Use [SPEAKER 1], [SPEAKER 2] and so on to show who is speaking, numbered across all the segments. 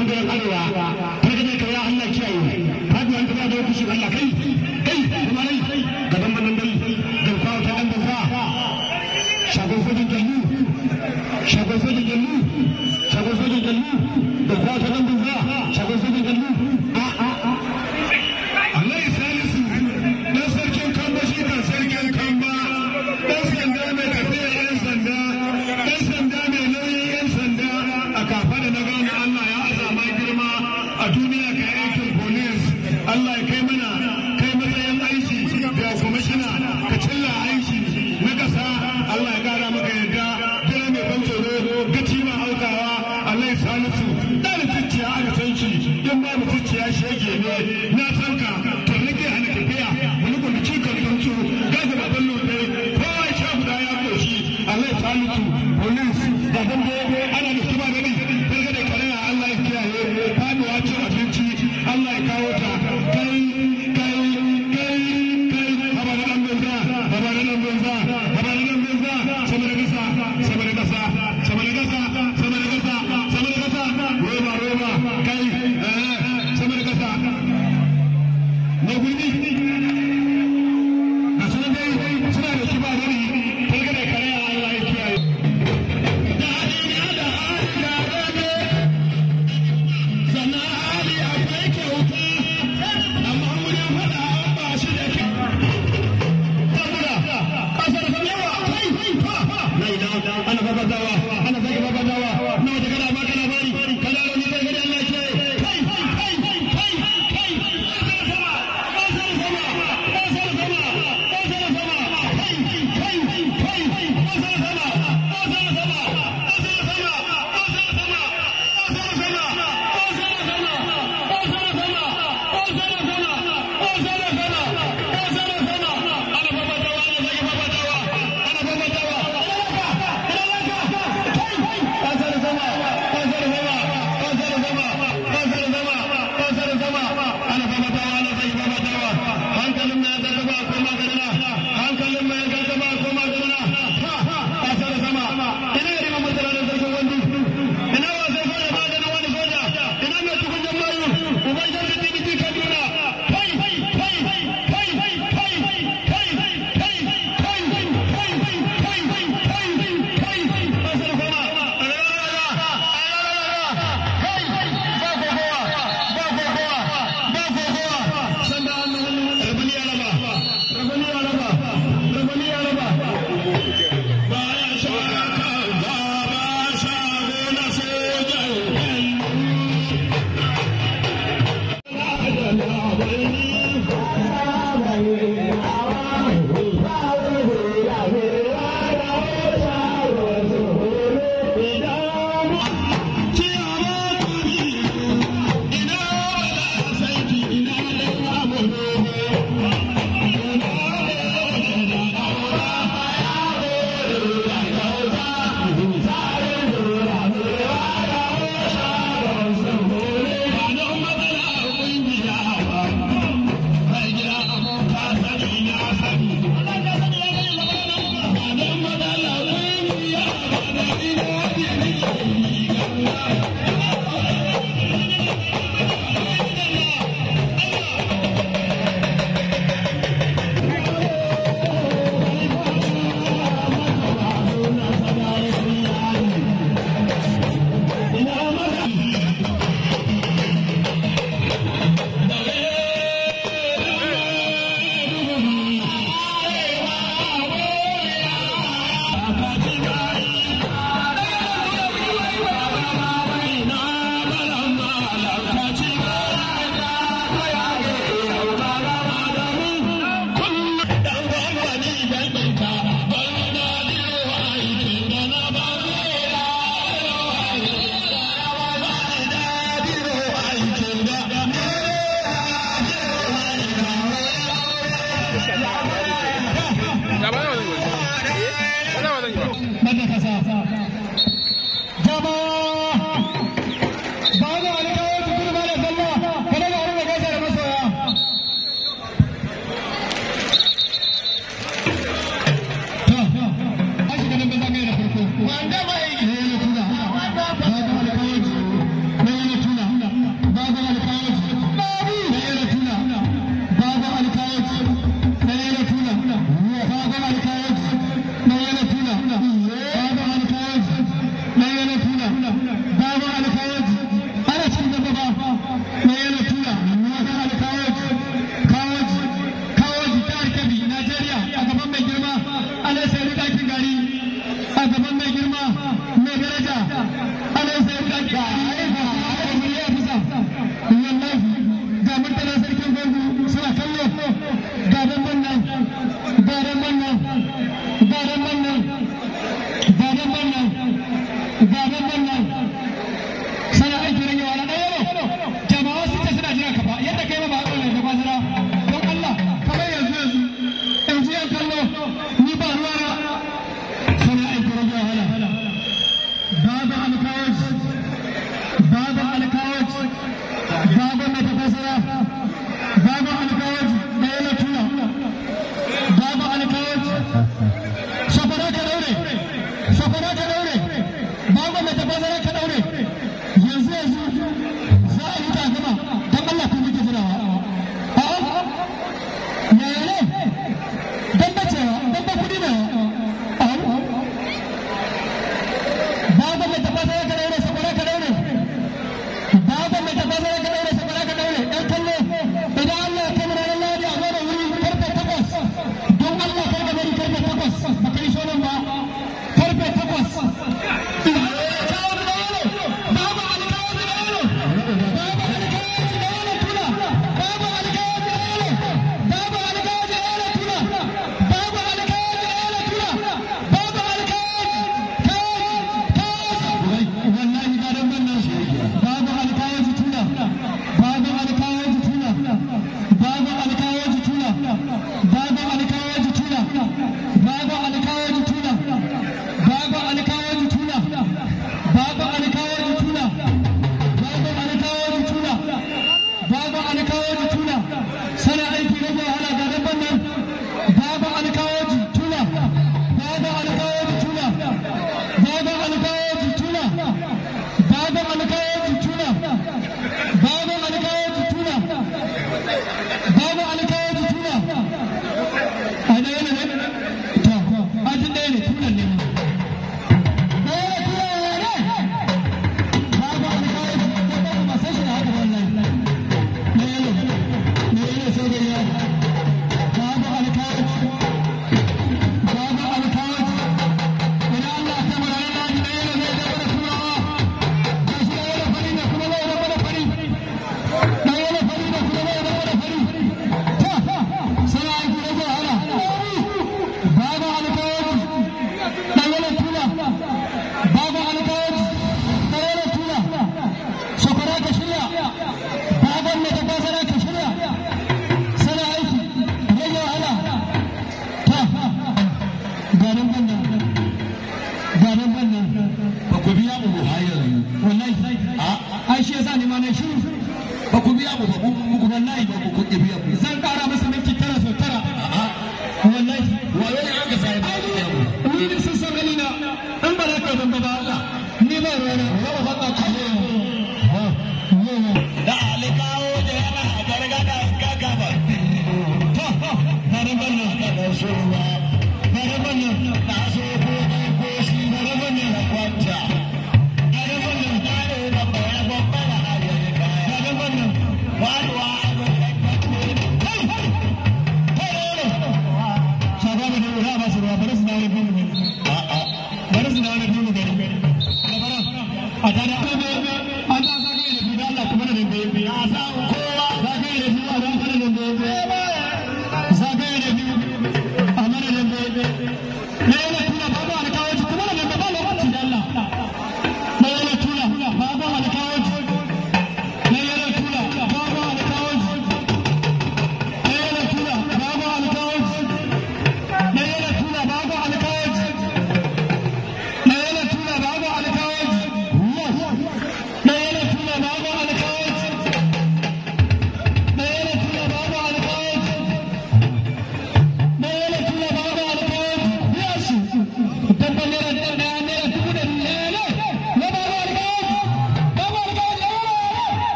[SPEAKER 1] bangaren arewa ta gane kawai Allah kiyaye. Fadi wani kuma da ya kushe kai Hallelujah. ಭಾಗ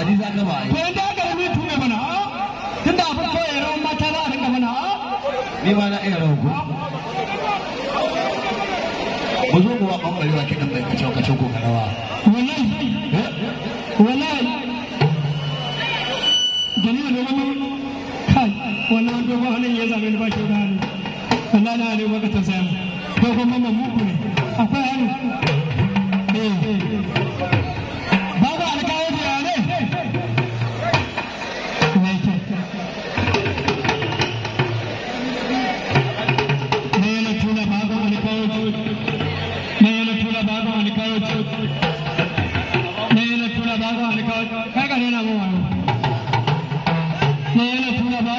[SPEAKER 1] hadiza ga ba to inda ga tume mana ah? mata za a mana ah? ni na iya rawan ku kidan ko wallahi eh? wallahi ne kai wannan dogon hannun ya zame ni ba da na ne baka ta ko kuma mamu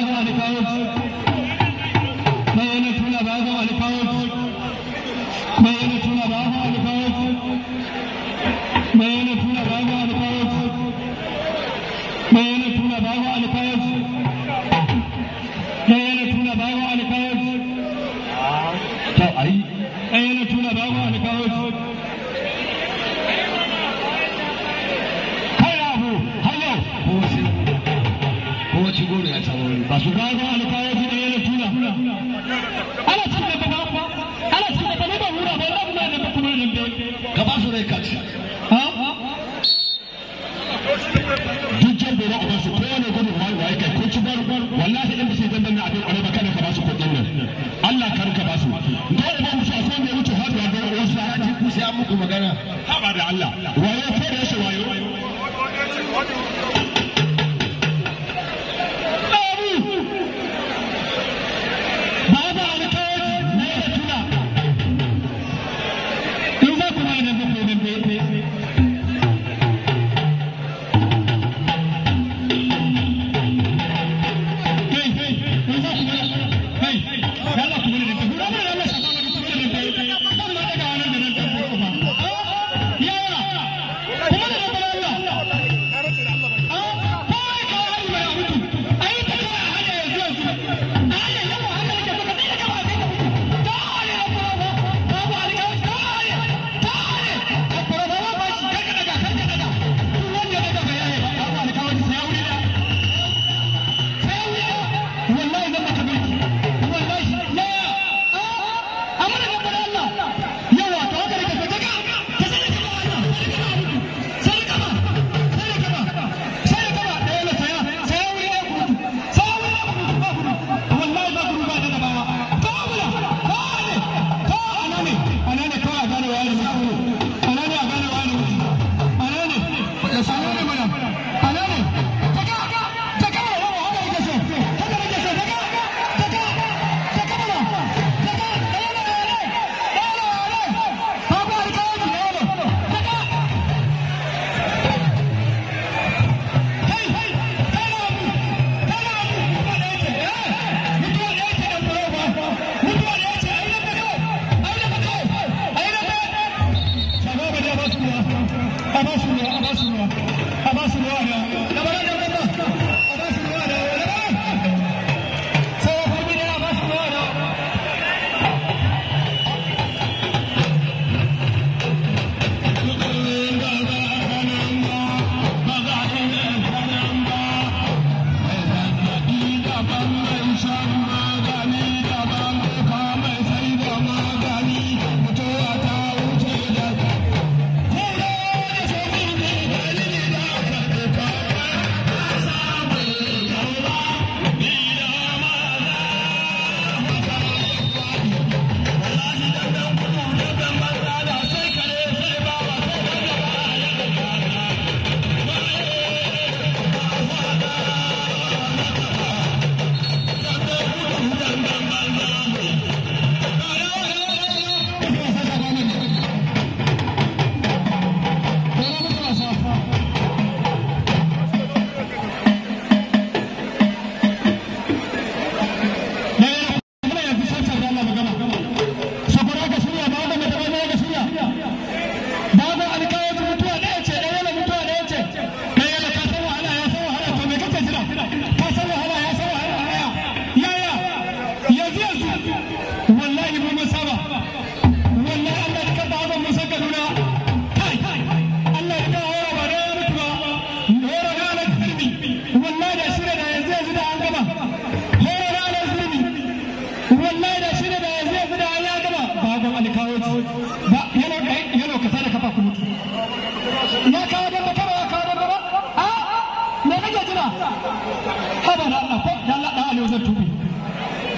[SPEAKER 1] पियो भई नज़ा मां निकायो भॻ duk jan bero ba su kowane gudun wani waye kai ko cibar wallahi in ba su yi dandan na abin kwarai ba kada ka ba su kuɗin nan Allah ka rika ba su dole ba musu akwai wanda ya wuce har da wasu a ji ku sai an muku magana haba da Allah wayo ko da wayo Baba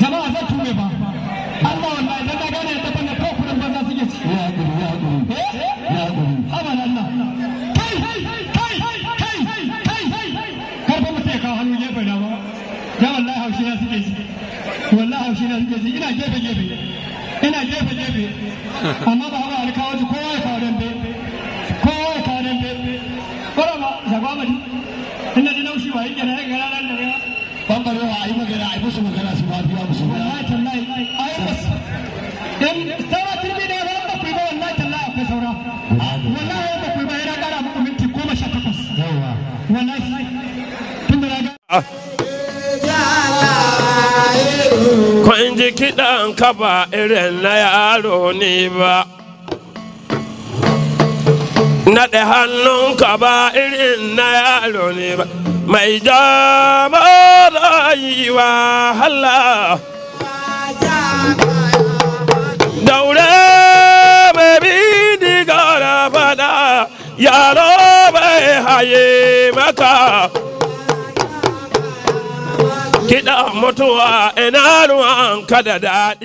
[SPEAKER 1] jama'a zai tume ba Allah wallahi dan na gane ta fanna ko kuran banza suke ci ya ya eh? ya Allah kai kai kai kai kai mutai hannu gefe ba ya wallahi haushi na suke ci wallahi haushi na suke ci ina gefe gefe ina gefe gefe amma ba haka alkawaji kowa a magana a musu magana su ma biya musu ba dan saura turmi da yawan ba ku wallahi tallahi akwai saura wallahi yawan ba ku yana kara muku minti goma sha takwas wallahi tun da raga ah. Kwan ji kiɗan ka ba irin na yaro ne ba, naɗe hannun ka ba irin na yaro ne ba, mai jama'a yi wahala daure mai bindiga fada yaro bai haye maka kiɗa mutuwa ina ruwan kada daɗi